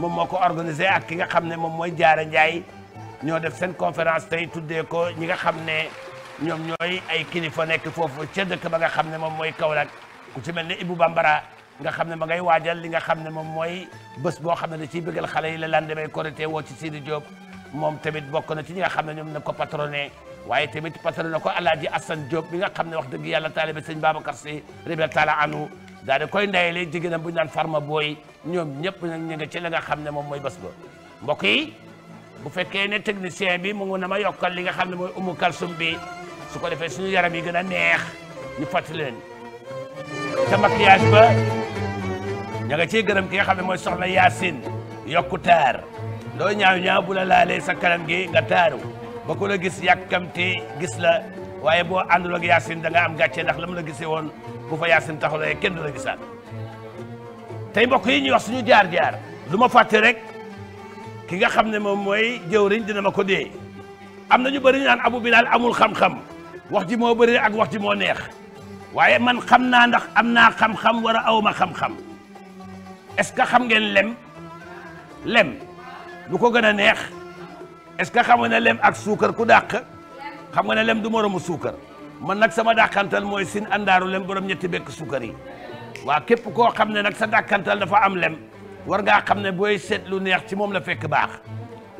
moom moo ko organisé ak ki nga xam ne moom mooy Diarra Ndiaye ñoo def seen conférence tey tuddee ko ñi nga xam ne ñoom ñooy ay kilifa nekk foofu ca dëkk ba nga xam ne moom mooy Kaolack ku ci mel ne Ibou Bambara nga xam ne ma ngay waajal li nga xam ne moom mooy bés boo xam ne ci ciy bëggal xale yi la lan demee Korité woo ci Sidi Diop moom tamit bokk na ci ñi nga xam ne ñoom na ko patroné waaye tamit patroné ko Alaaji assan Diop bi nga xam ne wax dëgg yàlla taalibe sëñ Babacar Si rabbi taala anu daal di koy ndayale jigéenam bu ñu naan farma booy ñoom ñëpp nag ñu nga ci la nga xam ne moom mooy bés ba mbokk yi bu fekkee ne technicien bi mu ngi na ma yokkal li nga xam ne mooy umu kalsum bi su ko defee suñu yaram yi gën a neex ñu fàttali leen ca maquillage ba ña nga ciy gërëm ki nga xam ne mooy soxna Yacine yokku taar loo ñaaw ñaaw bu la sa kanam gi nga taaru ba ku la gis yàkkamti gis la waaye boo àndul ak Yacine da nga am gàcce ndax la mu la gisee woon bu fa yaasin taxawee kenn du la gisaat tey mbokk yi ñuy wax suñu jaar-jaar lu ma fàtte rek ki nga xam ne moom mooy jëwriñ dina ma ko dee am na ñu bëri ñu naan Abu Bilal amul xam-xam wax ji moo bëri ak wax ji moo neex waaye man xam naa ndax am naa xam-xam war a aw ma xam-xam est-ce que xam ngeen lem lem lu ko gën a neex est-ce que xam nga ne ak suukar ku dàq xam nga ne lem du moromu suukar. man nag sama dàkkantal mooy sin andaaru lem borom ñetti bekk sukkar yi waa képp koo xam ne nag sa dàkkantal dafa am lem war ngaa xam ne booy seet lu neex ci moom la fekk baax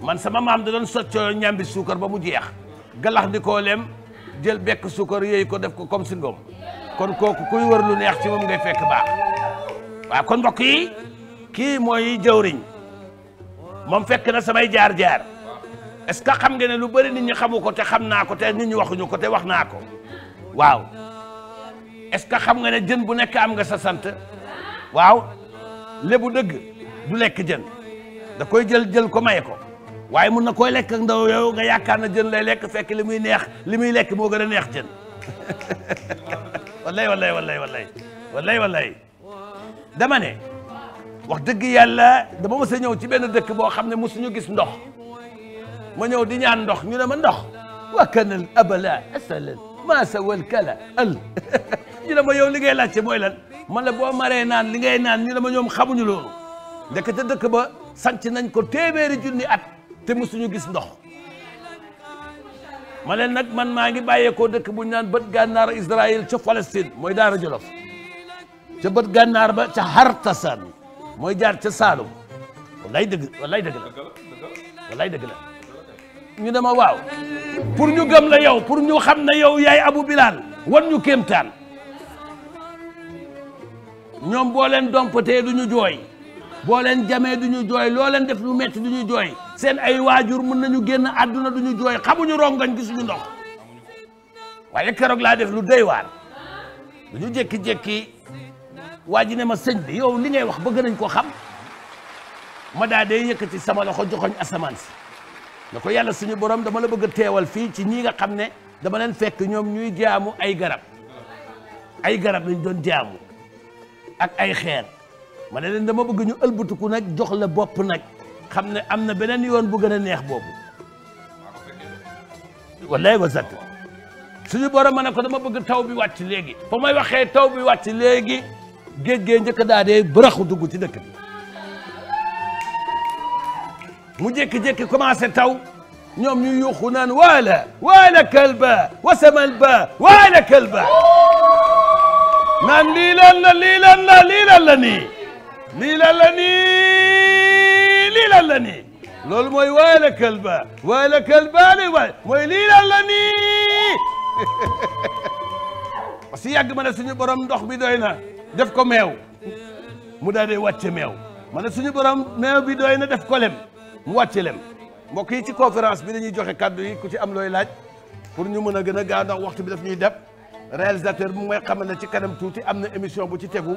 man sama maam da doon soccoo ñambi suukar ba mu jeex galax di koo lem jël bekk suukar yooyu ko def ko comme si ngoom kon kooku kuy wër lu neex ci moom ngay fekk baax waaw kon mbokk yi kii mooy jëwriñ moom fekk na samay jaar-jaar est-ce que xam nga ne lu bari nit ñi xamu ko te xam naa ko te nit ñi waxuñu ko te wax naa ko waaw est-ce que xam nga ne jën bu nekk am nga sa sant waaw lébu dëgg du lekk jën da koy jël jël ko maye ko waaye mun na koy lekk ak ndaw yow nga na jën lay lekk fekk li muy neex li muy lekk moo gën a neex jën wallay wallay wallay wallay wallay dama ne wax dëgg yàlla dama mës a ñëw ci benn dëkk boo xam ne mosuñu gis ndox ma ñëw di ñaan ndox ñu ne ma ndox wakkanal abala asalan maasa wal kala al ñu la ma yow li ngay laajte mooy lan man la boo maree naan li ngay naan ñu ne ma ñoom xamuñu loolu ndekete dëkk ba sanc nañ ko téeméeri junni at te musuñu gis ndox ma leen nag man maa ngi bàyyeekoo dëkk bu ñu naan bët gànnaar Israël ca Palestine mooy Daara Jolof ca bët gànnaar ba ca Hartasan mooy jaar ca Saalum wallaay dëgg wallaay dëgg ñu ne waaw pour ñu gëm la yow pour ñu xam ne yow yaay Abu Bilal wan ñu kéemtaan ñoom boo leen dompatee du ñu jooy boo leen jamee du ñu jooy loo leen def lu metti du ñu jooy seen ay waajur mën nañu génn àdduna du ñu jooy xamuñu rongañ gisuñu ndox waaye keroog laa def lu doy waar du ñu jékki-jékki waa ji ne ma sëñ bi yow li ngay wax bëgg nañ ko xam ma daa day yëkkati sama loxo joxoñ asamaan si na ko yàlla suñu borom dama la bëgg a teewal fii ci ñi nga xam ne dama leen fekk ñoom ñuy jaamu ay garab ay garab lañ doon jaamu ak ay xeer ma ne leen dama bëgg ñu ëlbatiku nag jox la bopp nag xam ne am na beneen yoon bu gën a neex boobu wallaay wa sat suñu borom ma ne ko dama bëgg taw bi wàcc léegi ba may waxee taw bi wàcc léegi géej gee njëkk daa dee bëraxu dugg ci dëkk bi mu jékki-jékki commencé taw ñoom ñu yuuxu naan waala waala kalba wasamal la lii lan la lii loolu mooy waala kalba waala kalba li waay mooy que yàgg ma ne suñu borom ndox bi doy na def ko meew mu daal di wàcce meew ma ne suñu borom meew bi doy def ko lem mu wàcce leen mbokk yi ci conférence bi dañuy joxe kàddu yi ku ci am looy laaj pour ñu mën a gën a gaaw waxtu bi daf ñuy def réalisateur bi mooy xamal ne ci kanam tuuti am na émission bu ci tegu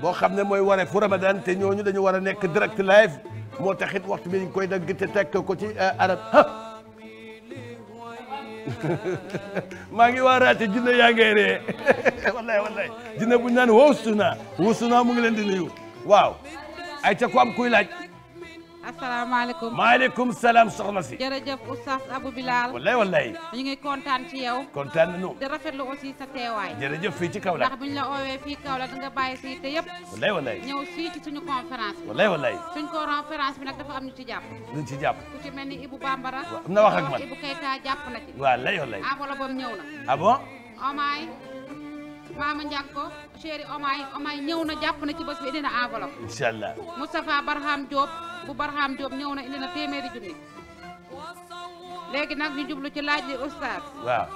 boo xam ne mooy waree fu Ramadan te ñooñu dañu war nekk direct live moo taxit waxtu bi dañ koy dagg te tekk ko ci euh, arab maa ngi waaraate jinne yaa ngay ree wallahi wallahi jinne buñ naan woo naa woo suna mu ngi leen di nuyu waaw ay ca ko am kuy laaj asalaamaaleykum maaleykum salaam soxna si jërëjëf oustaz Abou Bilal wallay wallay ñu ngi kontaan ci yow kontaan nañu di rafetlu aussi sa teewaay jërëjëf fii ci Kaolack ndax bu ñu la fii Kaolack nga bàyyi si te yëpp wallay wallay ñëw fii ci suñu conférence wallay wallay suñu conférence bi nag dafa am ñu ci jàpp ñu ci jàpp ku ci mel ni Ibou Bambara am na wax ak man Ibou Keita jàpp na ci wallay wallay enveloppe am ñëw na ah Mama ko chéri Omay Omay ñëw na jàpp na ci bés bi indi na enveloppe. incha allah Moustapha Barham Diop bu Barham Diop ñëw na indi na téeméeri junni. léegi nag ñu jublu ci laaj li oustaz. waaw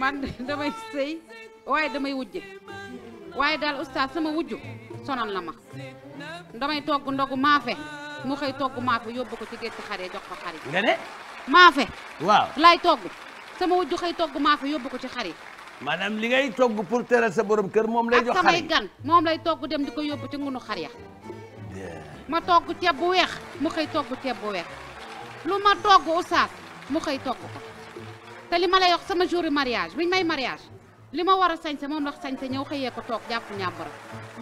man damay sëy waaye damay wujje waaye daal oustaz sama wujju sonal na ma damay togg ndogu maafe mu xëy togg maafe yóbbu ko ci géej gi xar yi jox nga ne. maafe. waaw laay togg sama wujju xëy togg maafe yóbbu ko ci xar yi. maanaam li ngay togg pour teral sa borom kër moom lay jox xar yi moom lay togg dem di ko yóbbu ci ngunu xar ya ma togg ceeb bu weex mu xëy togg ceeb bu weex lu ma togg oustaz mu xëy togg ko te li ma lay wax sama jour mariage biñ may mariage li ma war a sañse moom ndax sañse ñëw xëyee ko toog jàpp ñàmbara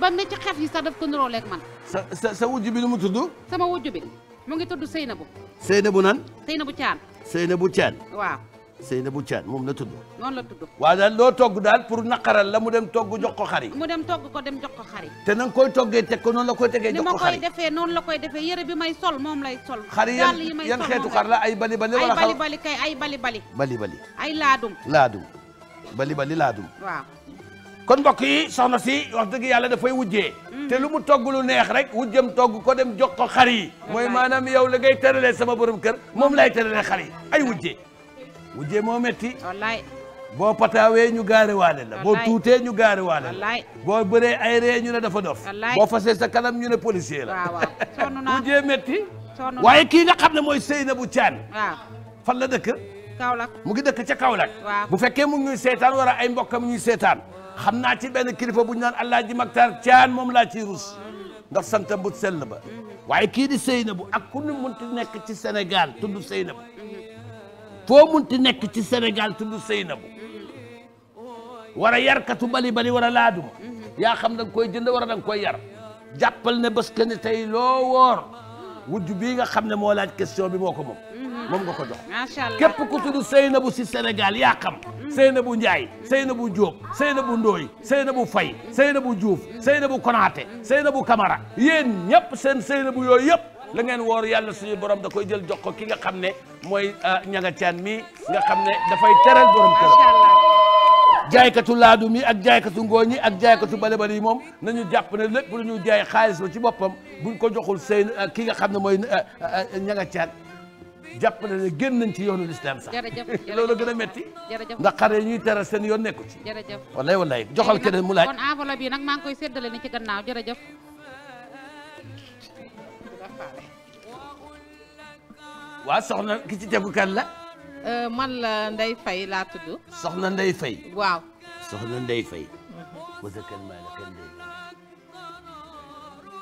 ba ne ci xef yi sax daf ko niróoleeg man sa sa sa wujj bi lu mu tudd sama wujj bi mu ngi tudd Seynabou Seynabou nan Seynabou Thian Seynabou Thian waaw Seynabou Thiam moom la tudd. noonu la tudd. waaw daal loo togg daal pour naqaral la mu dem togg jox ko xari. mu dem togg ko dem jox ko xari. te na nga koy toggee teg ko noonu la koy tegee. jox ko xari ni ma koy defee noonu la koy defee yére bi may sol moom lay sol. xari yan yan xeetu xar la ay bali bali. wala xaw ay bali bali kay ay bali bali. bali bali. ay laadum. laadum bali bali laadum. waaw. kon mbokk yi soxna si wax dëgg yàlla dafay wujjee. Mm-hmm. te lu mu togg lu neex rek wujjam togg ko dem jox ko xar yi. mooy maanaam yow la ngay tëralee sama borom kër moom lay tëralee xar yi ay wujjee wujje moo metti wallaay boo patawee ñu gaare waale la boo tuutee ñu gaare waale la boo bëree ay ree ñu ne dafa dof boo fasee sa kanam ñu ne policier la wujje metti waaye kii nga xam ne mooy Seynabou Thiam fan la dëkk Kaolack mu ngi dëkk ca Kaolack bu fekkee mu ngi ñuy seetaan wala ay mbokkam ñuy seetaan xam naa ci benn kilifa bu ñu naan Alaaji Maktar Thiam moom laa ciy rus ndax santa bu sell ba mm-hmm. waaye kii di bu ak ku nu nekk ci Sénégal seyna Seynabou foo munti nekk ci Sénégal tudd Seynabou war a yarkatu bali bali war a laaduma yaa xam da koy jënd war a da nga koy yar jàppal ne parce que ne tey loo woor wujj bii nga xam ne moo laaj question bi moo ko moom moom nga ko jox képp ku sey Seynabou si Sénégal yaa xam Seynabou Ndiaye Seynabou Diop fay Ndoye Seynabou Faye Seynabou Diouf konaate Konaté Seynabou kamara yéen ñëpp seen Seynabou yooyu yëpp la ngeen woor yàlla suñu borom da koy jël jox ko ki nga xam ne mooy euh, ñanga caan mi nga xam ne dafay teral borom kër jaaykatu laadum yi ak jaaykatu ngooñ yi ak jaaykatu bale bale yi moom nañu jàpp ne lépp lu ñu jaay xaalis ba ci boppam buñ ko joxul seen euh, ki nga xam ne mooy euh, ña nga caat jàpp ne ne génn nañ ci yoonu lislaam sax loolu gën a metti ndax xare ñuy teral seen yoon nekku ci jërëjëf wallaay wallaay joxal keneen mu laaj kon enveloppe yi nag maa ngi koy séddale ni jërëjëf waa soxna ki ci tegu kan la. Euh, man la Ndeye laa tudd. soxna Ndeye Faye. waaw. soxna Ndeye Faye. wasa kan maa la kan Ndeye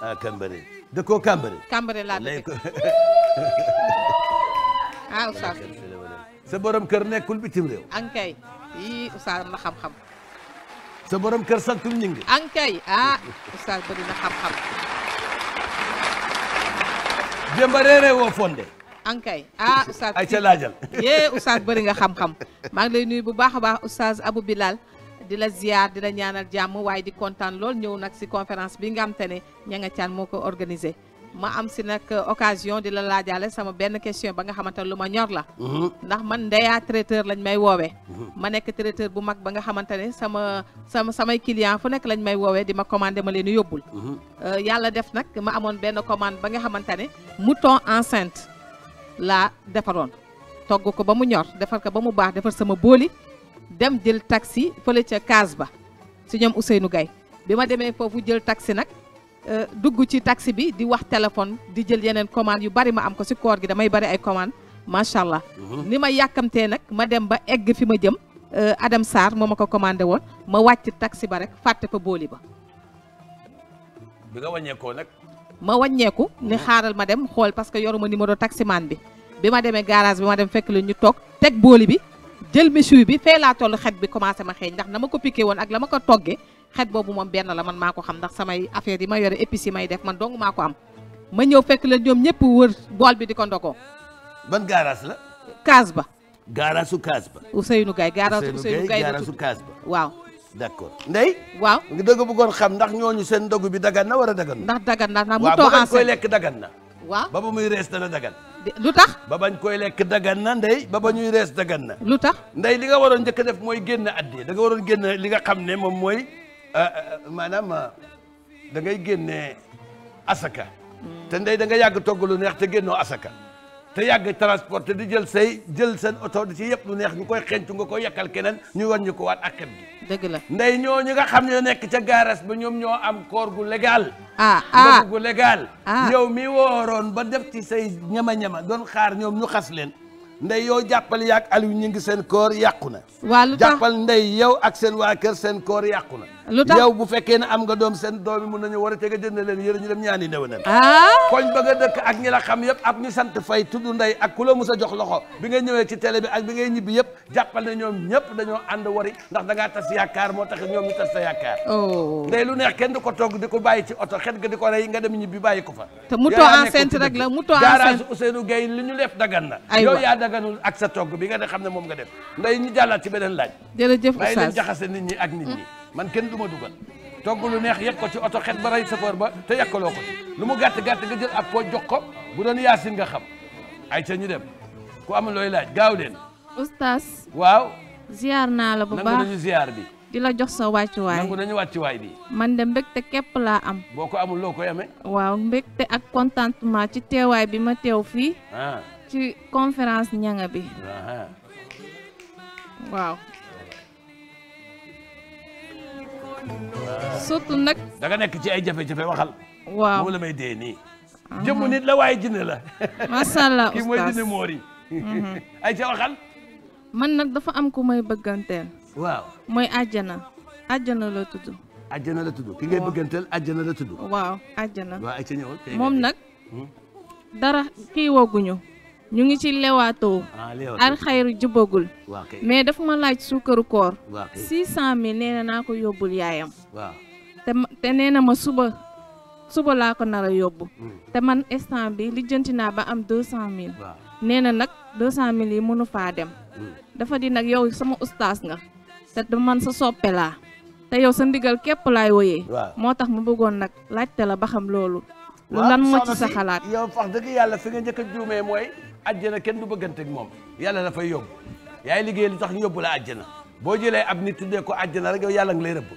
ah Kambare dëkkoo Kambare. Kambare laa dëkk ah Oustaz. sa borom kër nekkul bitim réew. ankay yii Oustaz am xam-xam. sa borom kër santul ñu ngi. ankay ah Oustaz bëri xam-xam. Demba reeree woo Fonde. ankay ah oustaz ay ca laajal yee nga xam-xam maa ngi lay nuyu bu baax a baax oustaz abu Bilal di la ziar di la ñaanal jàmm waaye di kontaan lool ñëw nag si conférence bi nga xam te ne ña nga caan moo ko organisé ma am si nag occasion di la laajaale sama benn question ba nga xamante ne lu ma ñor la mhm. ndax man ndeyaa traiteur lañ may woowee mhm. ma nekk traiteur bu mag ba nga xamante ne sama sama samay client fu nekk lañ may woowee di ma commandé ma leen yóbbul mhm. euh, yàlla def nag ma amoon benn commande ba nga xamante ne mouton enceinte laa defaroon togg ko ba mu ñor defar ko ba mu baax defar sama booli dem jël taxi fële ca kaas ba si ñoom Ousseynou gay bi ma demee foofu jël taxi nag euh, dugg ci taxi bi di wax téléphone di jël yeneen commande yu bari ma am ko si koor gi damay bari ay commande macha allah. Mhm. ni ma yàkkamtee nag ma dem ba egg fi ma jëm euh, Adam Sarr moo ma ko commandé woon ma wàcc taxi ba rek fàtte fa booli ba. bi nga nag. ma wàññeeku ne xaaral ma dem xool parce que yoruma numéro taximan bi bi ma demee garage bi ma dem fekk la ñu toog teg booli bi jël méchoui bi fee laa toll xet bi commencé ma xeeñ ndax na ma ko piqué woon ak la ma ko toggee xet boobu moom benn la man maa ko xam ndax samay affaire yi ma yore épices yi may def man dong maa ko am ma ñëw fekk la ñoom ñëpp wër bool bi di ko ndogoo ban garage la kaas ba garage su kaas ba Ousseynou Gaye garage Ousseynou Gaye la tudd d'accord ndey waaw nga dëgg bëggoon xam ndax ñooñu seen ndogu bi dagan na war a dagan ndax dagan na ndax mu too en koy lekk na. waaw ba ba muy rees dana dagan. lu tax. ba bañ koy lekk dagan na Ndeye ba ba ñuy rees dagan na. lu tax ndey li nga waroon njëkk def mooy génn addi da nga waroon génn li nga xam ne moom mooy euh, euh, maanaam euh, dangay ngay génne asaka. Hmm. te Ndeye da nga yàgg togg lu neex te génnoo asaka. te yàgg transporté di jël say jël seen oto di ci yëpp lu neex ñu koy xencu nga koy yàkkal keneen ñu wàññi ko waat a xet gi. dëgg la ndey ñoo ñi nga xam ne nekk ca gaaras ba ñoom ñoo am koor gu légal. ah, ah. gu légal. Ah. yow mi wooroon ba def ci say ñama-ñama doon xaar ñoom ñu xas leen. ndey yow jàppal yaak Aliou ñu ngi seen koor yàqu na. waa lu ndey yow ak seen waa kër seen koor yàqu na. lu tax yow bu fekkee ne am nga doom seen doom yi mun nañu war a teg a jënd leen yére ñu dem ñaani ndewenal ah? koñ ba nga dëkk ak ñi la xam yëpp ak ñu sant fay tudd ndey ak ku la mu sa jox loxo bi nga ñëwee ci télé bi ak bi ngay ñibbi yëpp jàppal ne ñoom ñëpp dañoo ànd wari ndax da ngaa tas yaakaar moo tax ñoom ñu tas sa yaakaar oh. nday lu neex kenn di ko togg di ko bàyyi ci oto xet ga di ko rey nga dem ñibbi bàyyi ko fa te mu too enceinte rek la mu too enceinte garage li ñu leef dagan na yow yaa daganul ak sa togg bi nga xam ne moom nga def nday ñu jàllaat ci beneen laaj jërëjëf bàyyi leen jaxase nit ñi ak nit ñi man kenn du ma dugal toog lu neex yegg ko ci oto xet ba rey safoor ba te yekkaloo ko lu mu gàtt gàtt nga jël ak koo jox ko bu doon yaasin nga xam ay ca ñu dem ku amul looy laaj gaaw leen. oustaz. waaw. ziar naa la bu baax nangu nañu ziar bi. di la jox sa wàccuwaay nangu nañu wàccuwaay bi. man de te képp laa am. boo ko amul loo koy amee. waaw mbégte ak contentement ci teewaay bi ma teew fii. Ah. ci conférence ñanga bi. Ah. waaw. surtout nag. da nekk ci ay jafe-jafe waxal. waaw moom la may dee nii. Ah. jëmmu nit la waaye jinne la. macha allah ustaas kii mooy jinne moor mhm. ay ca waxal. man nag dafa am ku may bëgganteel. waaw mooy àjjana. àjjana la tudd. àjjana la tudd ki ngay bëgganteel àjjana la tudd. waaw àjjana. waaw moom nag. Hmm? dara kii wooguñu ñu ngi ci lewaatoo ah, alxayru jubagul mais dafa ma laaj suukaru koor six cent mille nee na naa ko yóbbul yaayam te te nee na ma suba suba laa ko nar a yóbbu hmm. te man instant bi lijjanti naa ba am deux cent mille nee na nag deux cent mille yi mënu faa dem hmm. dafa di nag yow sama ustaas nga te man sa soppe laa te yow sa ndigal képp laay woyee moo tax mu bëggoon nag laajte la ba xam loolu lu lan moo ci sa xalaat yow wax dëgg yàlla fi nga njëkk juumee mooy àjjana kenn du bëgganteeg moom yàlla la fay yóbbu yaay liggéey lu tax ñu yóbbu la àjjana boo jëlee ab nit tuddee ko àjjana rek yow yàlla ngi lay rëbb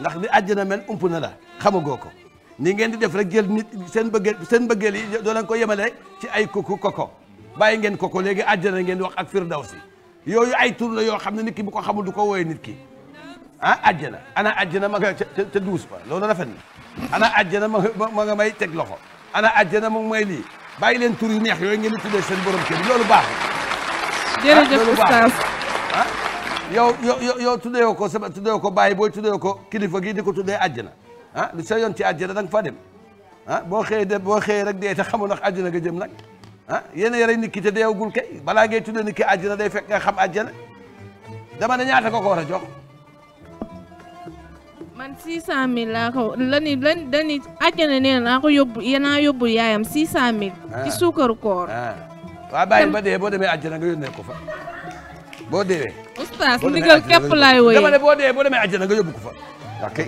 ndax ni àjjana mel ump na la xamagoo ko ni ngeen di def rek jël nit seen bëggeel seen bëggeel yi doo leen ko yemale ci ay koko koko bàyyi ngeen koko léegi àjjana ngeen di wax ak si yooyu ay tur la yoo xam ne nit ki bu ko xamul du ko wooyee nit ki ah àjjana ana àjjana ma nga ca duus ba loolu rafet na ana àjjana ma ma nga may teg loxo ana àjjana mu may lii bàyyi leen tur yu neex yooyu ngeen di tuddee seen borom kër loolu baax jërëjëf ah, oustaz ah yow yow yow tuddee ko sama tuddee ko bàyyi booy tuddee ko kilifa gi di ko tuddee àjjana ah lu sa yoon ci àjjana da nga dem ah boo xëyee de boo xëyee rek dee te xamul ndax àjjana nga jëm nag ah yéen yara nit ki te deewagul kay balaa ngay tuddee nit ki àjjana day fekk nga xam àjjana dama ne ñaata ko ko war a jox man 600000 laa ko la ni la la ni àjjana nee naa ko yóbbu naa yóbbu yaayam 600000. Ah. ci suukaru koor. Ah. waaw bàyyi ba dee boo demee àjjana nga yónnee ko fa. boo deewee. oustaz ndigal képp boo deewee boo demee àjjana nga yóbbu ko fa. ok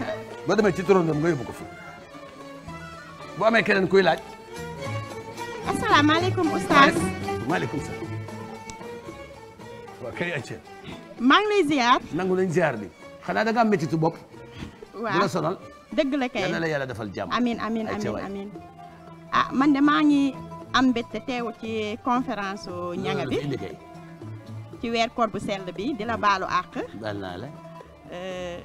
boo demee ci turandoom nga yóbbu ko fa. bu amee keneen kuy laaj. asalaamaaleykum oustaz. maaleykum salaam. waaw kay ayca. maa ngi nangu nañ ziar bi xanaa da ngaa métti ci bopp. waaw bu la sonal. dëgg la kay yal na la yàlla defal jàmm. amiin amiin amiin amiin ah man de maa ngi am mbégte teew ci conférence ñanga bi ci weer koor bu sell bi di la baalu àq. baal naa la. Eh,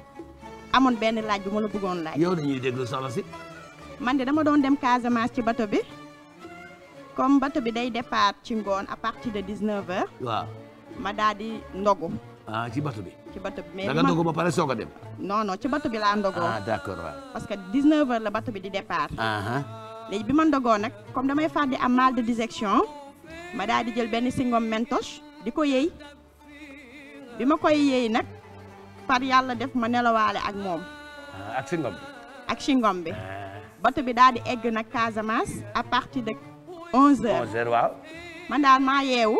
amoon benn laaj bu ma la bëggoon laaj. yow dañuy déglu soxna si. man de dama doon dem Casamance ci bato bi comme bato bi day départ ci ngoon à partir de 19h. waaw ma daadi di ndogu. ah ci bato bi. ci bato bi. mais da nga ndogu ba pare soog a dem. non non ci bato bi laa ndogoo. Ah, parce que 19h la bato bi di départ. léegi bi ma ndogoo nag comme damay far di am mal de dissection ma daal di jël benn singom mentoche di ko yëy bi ma koy yëy nag par yàlla def ma nelawaale ak moom. Ah, ak si ngom bi. Ah. bato bi daal di egg nag Casamance à partir de 11h. waaw. man daal maa yeewu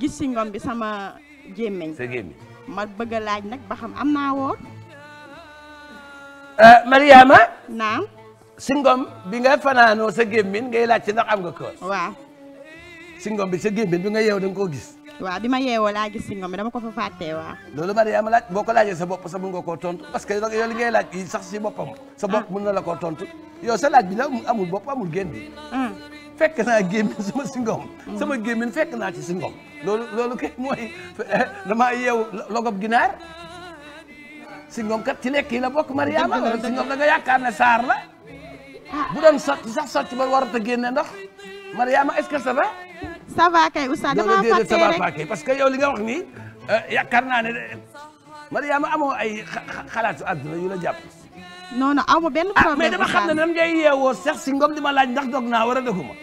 gis singom bi sama gémmiñ. sa gémmiñ. ma bëgg laaj nag ba xam am naa woor. Euh, Mariama. naam. si ngom bi nga fanaanoo sa gémmin ngay laaj ci ndax am nga koor. waaw. si ngom bi sa gémmin bi nga yeew da nga koo gis. waa bi ma yeewoo laa gis si ngom bi dama ko fa fàttee waaw. loolu Mariama laaj boo ko laaj sa bopp sa mën nga koo tontu parce que yow li ngay laaj i sax si boppam. sa bopp ah. mën na la koo tontu yow sa laaj bi la amul bopp amul génn bi. Ah. fekk naa gémmin sama singom sama gémmin fekk naa ci singom loolu loolu kay mooy damaa yeew logop ginaar singom kat ci lekk yi la bokk Mariama wala singom da nga yaakaar ne saar la ah. bu doon sotti sax sotti ba warut a génne ndox Mariama est-ce que ça va ça va kay oustaz damaa fàtte rek ça va kay parce que yow li nga wax nii euh, yaakaar naa ne Mariama amoo ay xalaatu àdduna yu la jàpp non non aw ma benn ah, problème mais dama xam ne nam ngay yeewoo sax si ngom di ma laaj ndax dog naa war a doguma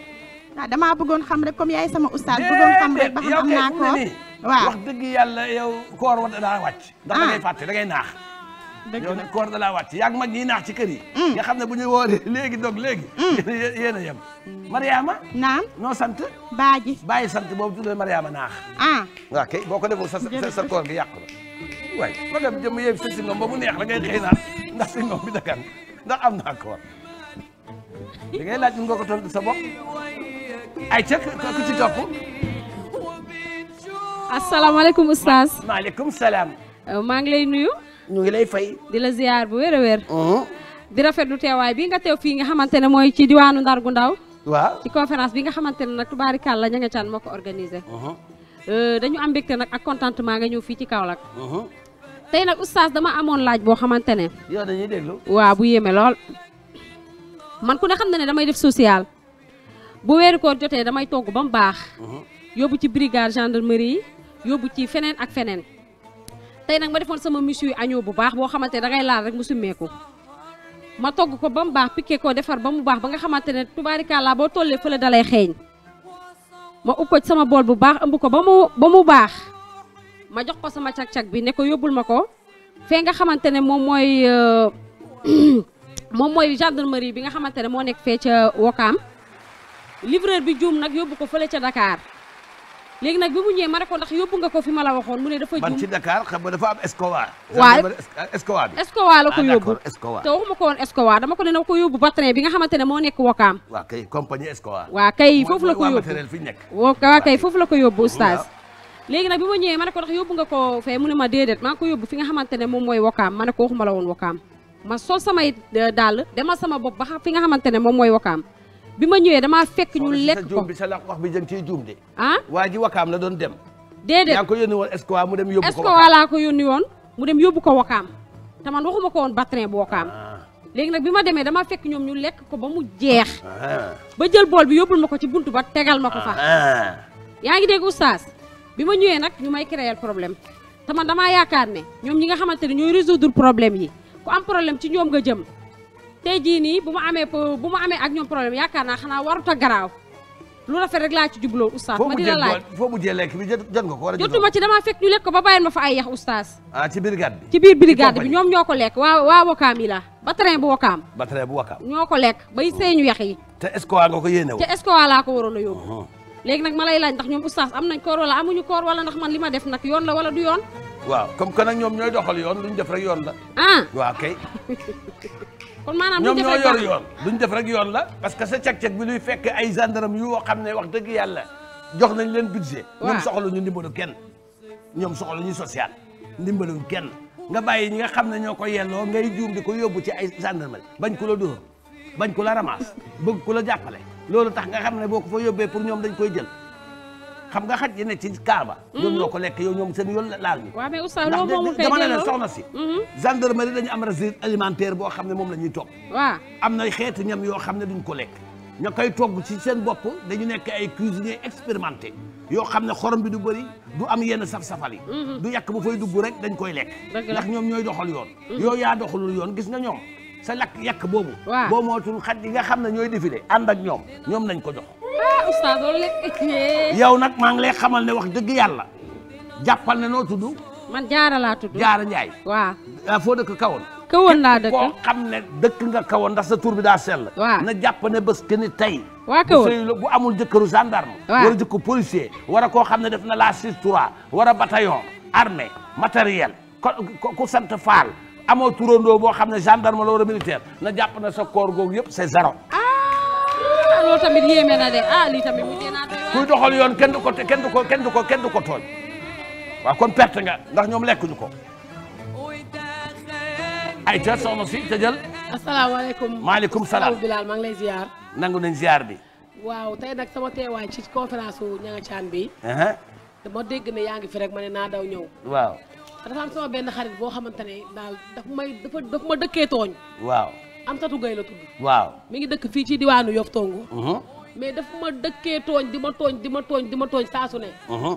waaw ah, damaa bëggoon xam rek comme yaay sama oustaz bëggoon xam rek ba xam am naa koor wax dëgg yàlla yow koor wa dalaa wàcc ndax da ngay ah. fàtte da ngay naax yow nag koor dalaa wàcc yaag mag ñiy naax ci kër yi mm. nga xam ne bu ñu wooree léegi dog léegi mm. yéen a yem mariama naam noo sant baaji baaji sant boobu tuddee mariama naax ah waaw kay boo ko deful sa sa koor gi yàqu na waay ma dem jëm sa singom ba neex la ngay xëy naa ndax singom bi dagan ndax am naa koor da ngay laaj nga ko tontu sa bopp ay ca ku ci topp. asalaamaaleykum oustaz. maaleykum salaam. Euh, maa ngi lay nuyu. ñu ngi lay fay. di la ziar bu wér a wér. di rafetlu teewaay bi nga teew fii nga xamante ne mooy ci diwaanu Ndar gu ndaw. waaw ci conférence bi nga xamante ne nag tubaarikàlla ña nga caan moo ko organisé. Uh-huh. Euh, dañu am mbégte nag ak contentement nga ñëw fii ci Kaolack. Uh-huh. tey nag oustaz dama amoon laaj boo xamante ne. yow dañuy déglu. waaw bu yéeme lool. man ku ne xam na ne damay def social. bu weeru koor jotee damay togg ba mu baax. Uh-huh. yóbbu ci brigade gendarmerie yi yóbbu ci feneen ak feneen. tey nag ma defoon sama monsieur agneau bu baax boo xamante ne dangay laal rek mu summeeku ma togg ko ba mu baax piqué defar ba mu baax ba nga xamante ne tubaarikàllaa boo tollee fële dalay xeeñ ma upp ko ci sama bool bu baax ëmb ko ba mu ba mu baax jox ko sama cag-cag bi ne ko yóbbul ma ko fee nga xamante ne moom mooy euh, moom mooy gendarmerie bi nga xamante ne moo nekk fee ca Wakaam livreur bi juum nag yóbbu ko fële ca Dakar léegi nag bi mu ñëwee ma ne ko ndax yóbbu nga ko fi ma la waxoon mu ne dafa juum man ci Dakar xam nga dafa am Escowa. waaw Escowa bi ah, ko yóbbu ko woon Escowa dama ko na ko ne moo nekk Wakaam. waaw kay compagnie Escowa. waaw kay foofu la ko yóbbu waaw kay foofu la ko ma ñëwee ma nga ko fee mu ma déedéet maa ngi ko yóbbu fi nga xamante ne moom mooy Wakaam ma ne ko waxuma la woon Wakaam ma sol samay euh, sama bopp ba fi nga xamante ne moom mooy Wakaam bi ma ñëwee damaa fekk ñu lekk ko sa la wax bi jëng ciy juum de ah waa ji wakaam la doon dem déedéet yaa ngi ko yónni woon mu dem yóbbu ko escoa laa ko yónni woon mu dem yóbbu ko wakaam te man waxuma ko woon batrin bu wakaam ah. léegi nag bi ma demee dama fekk ñoom ñu lekk ko ba mu jeex ah. ba jël bool bi yóbbul ma ko ci buntu ba tegal ma ko fa ah. yaa ngi dégg oustaz bi ma ñëwee nag ñu may créer problème te man damaa yaakaar ne ñoom ñi nga xamante ne ñooy résoudre problème yi ku am problème ci ñoom nga jëm tey jii nii bu ma amee bu mu amee ak ñoom problème yaakaar naa xanaa warut a garaaw lu rafet rek laa ci jubloo oustaz ma di la laaj foo mujjee lekk bi jot nga jotuma ci dama fekk ñu lekk ko ba bàyyeen ma fa ay yax oustaz ci ah, brigade ci biir ñoom ñoo ko lekk waa waa wakaam yi la batrin bu wakaam batrin bu wakaam ñoo ko lekk bay seeñu yax yi te escoa nga ko yéene woon te escoa laa ko waroon a yóbbu uh-huh. léegi nag ma lay laaj ndax ñoom oustaz am nañ koor wala amuñu koor wala ndax man li ma def nag yoon la wala yoon waaw comme que ñoom ñooy doxal yoon lu ñu def yoon la. Ah. waaw kay. kon maanaam ñoom ñoo yor yoon duñ def rek yoon la. parce que sa càq-càq bi luy fekk ay gendarme yu xam ne wax dëgg yàlla jox nañ leen budget. waaw ñoom soxla ñu ndimbalu kenn. ñoom soxla ñu social ndimbalu kenn nga bàyyi ñi nga xam ne ñoo ko yelloo ngay juum di ko yóbbu ci ay gendarmerie bañ ko la dóor bañ ko la ramasse bëgg ko la jàppale loolu tax nga xam ne boo ko fa yóbbee pour ñoom dañ koy jël xam nga xaj yi ne ci kaaba ñoom mhm. ñoo ko lekk yow ñoom seen yoon laal ñu waaw mais oustaz loolu moom kay dama ne la soxna si mhm. gendarmerie dañu am boo xam ne moom la ñuy topp waaw am na xeetu ñam yoo xam ne duñ ko lekk ña koy togg ci seen bopp dañu nekk ay cuisinier expérimenté yoo xam ne xorom bi du bëri du am yenn saf-safal yi mhm. yàq bu fay dugg rek dañ koy lekk ndax ñoom ñooy doxal yoon yow yaa doxalul yoon gis nga ñoom sa lakk yàq boobu boo mootul xaj yi nga xam ne ñooy défilé ànd ak ñoom ñoom nañ ko jox ah oustaz loolu yow nag maa ngi lay xamal ne wax dëgg yàlla jàppal ne noo tudd. man jaara laa tudd jaara Ndiaye. waaw ah, foo dëkk kawoon. kawoon laa dëkk koo xam ne dëkk nga kawoon ndax sa tur bi daa sell. waaw na jàpp ne bés que ni tey. waa kawoon bu amul jëkkëru gendarme. waaw war a jëkku policier. war a koo xam ne def na laa 6-3 war a bataillon armée matériel ku sant Faal amoo turandoo boo xam ne gendarme la war a na jàpp ne sa koor googu yëpp c'est zéro. Ah, ah loolu tamit yéeme na de ah lii tamit kuy doxal yoon kenn du ko kenn du ko kenn ko kenn du ko tooñ waaw kon perte ndax ñoom lekkuñu ko ay ta soxna si te jël asalaamaaleykum maaleykum salaam Bilal maa ngi lay ziar nangu nañ ziar bi waaw tey nag sama teewaay ci conférence wu ñanga caan bi uh-huh. dama dégg ne yaa ngi fi rek ma ne naa daw ñëw waaw dafa am sama benn xarit boo xamante ne daal daf may dafa daf ma dëkkee tooñ Amsatou Gueye la tudd. waaw mi ngi dëkk fii ci diwaanu Yof Tongo. Uh-huh. mais daf ma dëkkee tooñ di ma tooñ di ma tooñ di ma tooñ saa su ne. Uh-huh.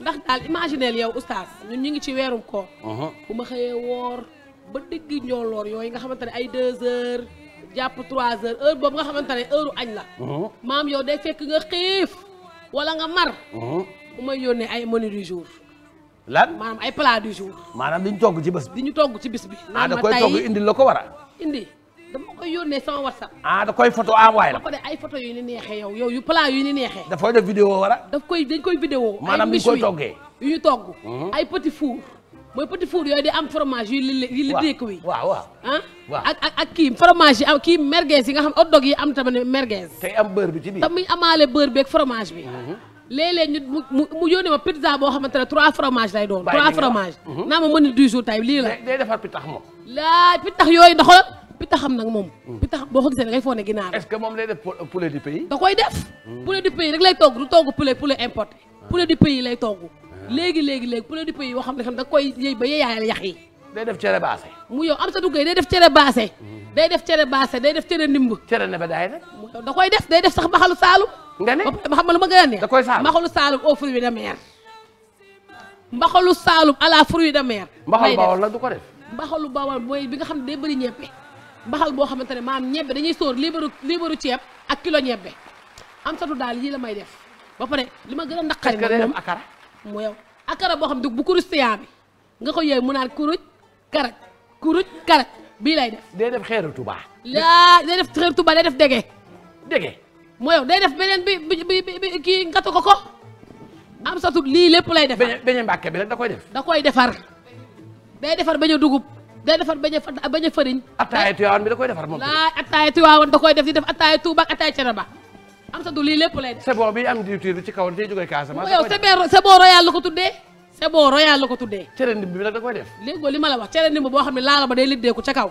ndax daal imagineel yow oustaz ñun ñu ngi ci weerum ko uh-huh. bu ma xëyee woor ba digg njooloor yooyu nga xamante ne ay 2 heures jàpp 3 heures heure boobu nga xamante ne heure añ la. maam yow day fekk nga xiif wala nga mar. u may yónnee ay menu du jour. lan maanaam ay plat du jour. maanaam di ñu togg ci bés bi. di ñu togg ci bés bi. Ah, naan da koy togg indi la ko war indi. dama koy yónnee sama whatsapp. ah da koy photo envoyé la. ba pare ay yow yu plat yu ni neexee. daf koy def vidéo wala. daf koy dañ koy vidéo. maanaam ni koy yu ñu togg. Mhm. ay petit four. mooy petit four yooyu di am fromage yu li yu li dékk wi. waaw waaw ah. waaw yi am kii merguez xam hot dog yi am tamit merguez. tey am beurre bi ci biir. te muy fromage bi. Mhm. léeg ñu mu mu mu yónnee ma pizza boo xamante ne trois fromage lay doon. trois fromage. Mhm. naa ma mën a 10 jours tey lii la. day defar pitax moom. laay pitax yooyu ndax pitaxam nag moom. pitaxam mm. boo ko gisee da ngay foog ne ginaar est moom lay def poulet du pays. da koy def. Mm. poulet du pays rek lay togg du togg poulet poulet importé. Ah. poulet du lay togg. Ah. léegi léegi léegi poulet du pays yoo xam ne da koy yëy ba yeeyaayal yax yi. day def cere baase. mu yow am sa duggee def cere baase. Mm. day def cere baase day def cere ndimb. cere ne ba daay rek. da koy def day def sax maxalu saalum. nga ne xam ma lu ma gën a neex. da koy saalum maxalu saalum au fruit de mer. mbaxalu saalum à la fruit de mer. mbaxalu bawol nag du bi nga xam ne day bëri ñeppe mbaxal boo xamante ne maam ñebbe dañuy sóor liibaru liibaru ceeb ak kilo ñebbe am satu daal yii la may def ba pare li ma gën a naqari moom akara mu yow akara boo xam ne bu kurustiyaa bi nga ko yooyu mu naan kuruj karaj kuruj karaj bii lay def day def xeeru tubaa laa day def xeeru tubaa day def dege dege mu yow day def beneen bi bi kii ngatu ko ko am satu lii lépp lay defar beñe mbàkke bi rek da koy def da koy defar day defar beñe dugub day defar bañ a bañ a fëriñ attaaya Tiwaawan bi da koy defar moom laa attaaya Tiwaawan da koy def di def attaaya Tuuba ak attaaya Cenaba am sa du lii lépp lay def sebon ko tuddee sebon royal la ko tuddee cere ndim def léegoo li ma wax cere ndim boo xam ne laala ba day liddeeku ca kaw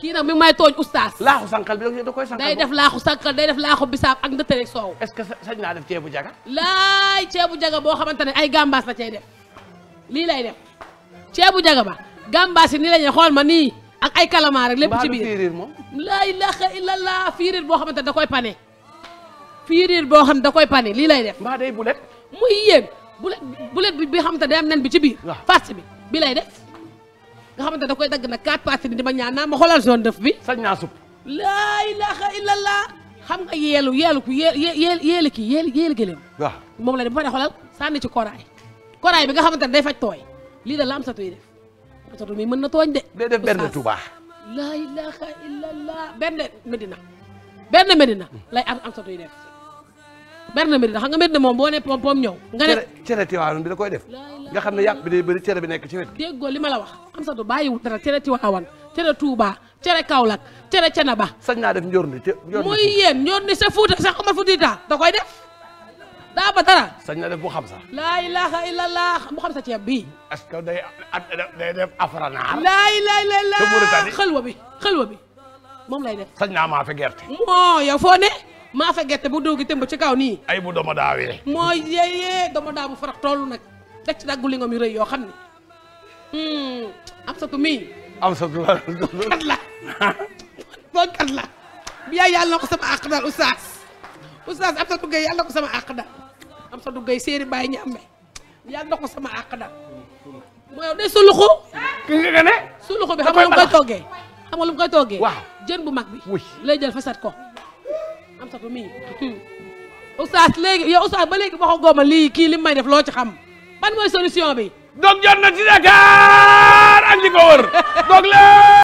kii nag mi may tooñ oustaz laaxu sànqal bi da koy sànqal day def laaxu sànqal day def laaxu bisaab ak ndëtëreeg soow est-ce que sañ naa def ceebu jaga boo xamante ne ay gàmbaas la cay def lii lay def ceebu jaga ba gàmbaas yi nii la ñuy xool ma nii ak ay kalama rek lépp ci biir fiiriir moom laa ilaha illallah fiiriir boo xamante da koy pane fiiriir boo xam da koy pane lii lay def mbaa day bulet muy yéem bulet bulet bi bi xamante day am nen bi ci biir farce bi bi lay def nga xamante da koy dagg na quatre parties bi di ma ñaan naa ma xoolal zone def bi sañ naa sup laa ilaha illallah xam nga yeelu yeelu ku yeel yeeli kii yeel yeeli gëléem waaw moom la de bu paree xoolal sànni ci koraay koraay bi nga xamante ne day faj tooy lii da lamsatu yi def Ousseynou mi mën na tooñ de. day def benn Touba. laa ilaha illallah benn Medina benn Medina lay am am soto yi def benn Medina xam nga Medina moom boo ne pom pom ñëw. nga ne cere tiwaawan bi da koy def. nga xam ne yàpp bi day bëri cere bi nekk ci wet gi. déggoo li ma la wax am soto bàyyiwul dara cere tiwaawan cere Touba cere Kaolack cere Canaba. sañ naa def njóor ni te njóor ni muy yéen njóor ni sa Fuuta sax Omar Fuuta da koy def. daa ba dara. sañ na def bu xam sax. laa ilaha illallah mu xam sa ceeb bi est que day day def afranaar. laa ilaha xalwa bi xalwa bi moom lay def. sañ naa maa fe gerte. foo ne. maa fe gerte bu dugg tëmb ci kaw nii. ay bu doomu daawee. moo yeyee doomu bu farax toll nag teg ci daggu li rëy yoo xam ne hmm, am satu mii. am satu la. kat bi yaay yàlla na ko sama àq daal oustaz. oustaz Amsatou Gueye yàlla na ko sama àq daal Amsatou Gueye séeri bàyyi ñàmme yàlla na ko sama àq daal mooy yow de suluxu ki nga ne suluxu bi xam nga lu mu koy toggee xam nga lu mu koy toggee waaw jën bu mag bi lay jël fasat ko Amsatou mii oustaz léegi yow oustaz ba léegi waxo ma lii kii li may def loo ci xam ban mooy solution bi donc jot na ci Dakar ak li ko wër donc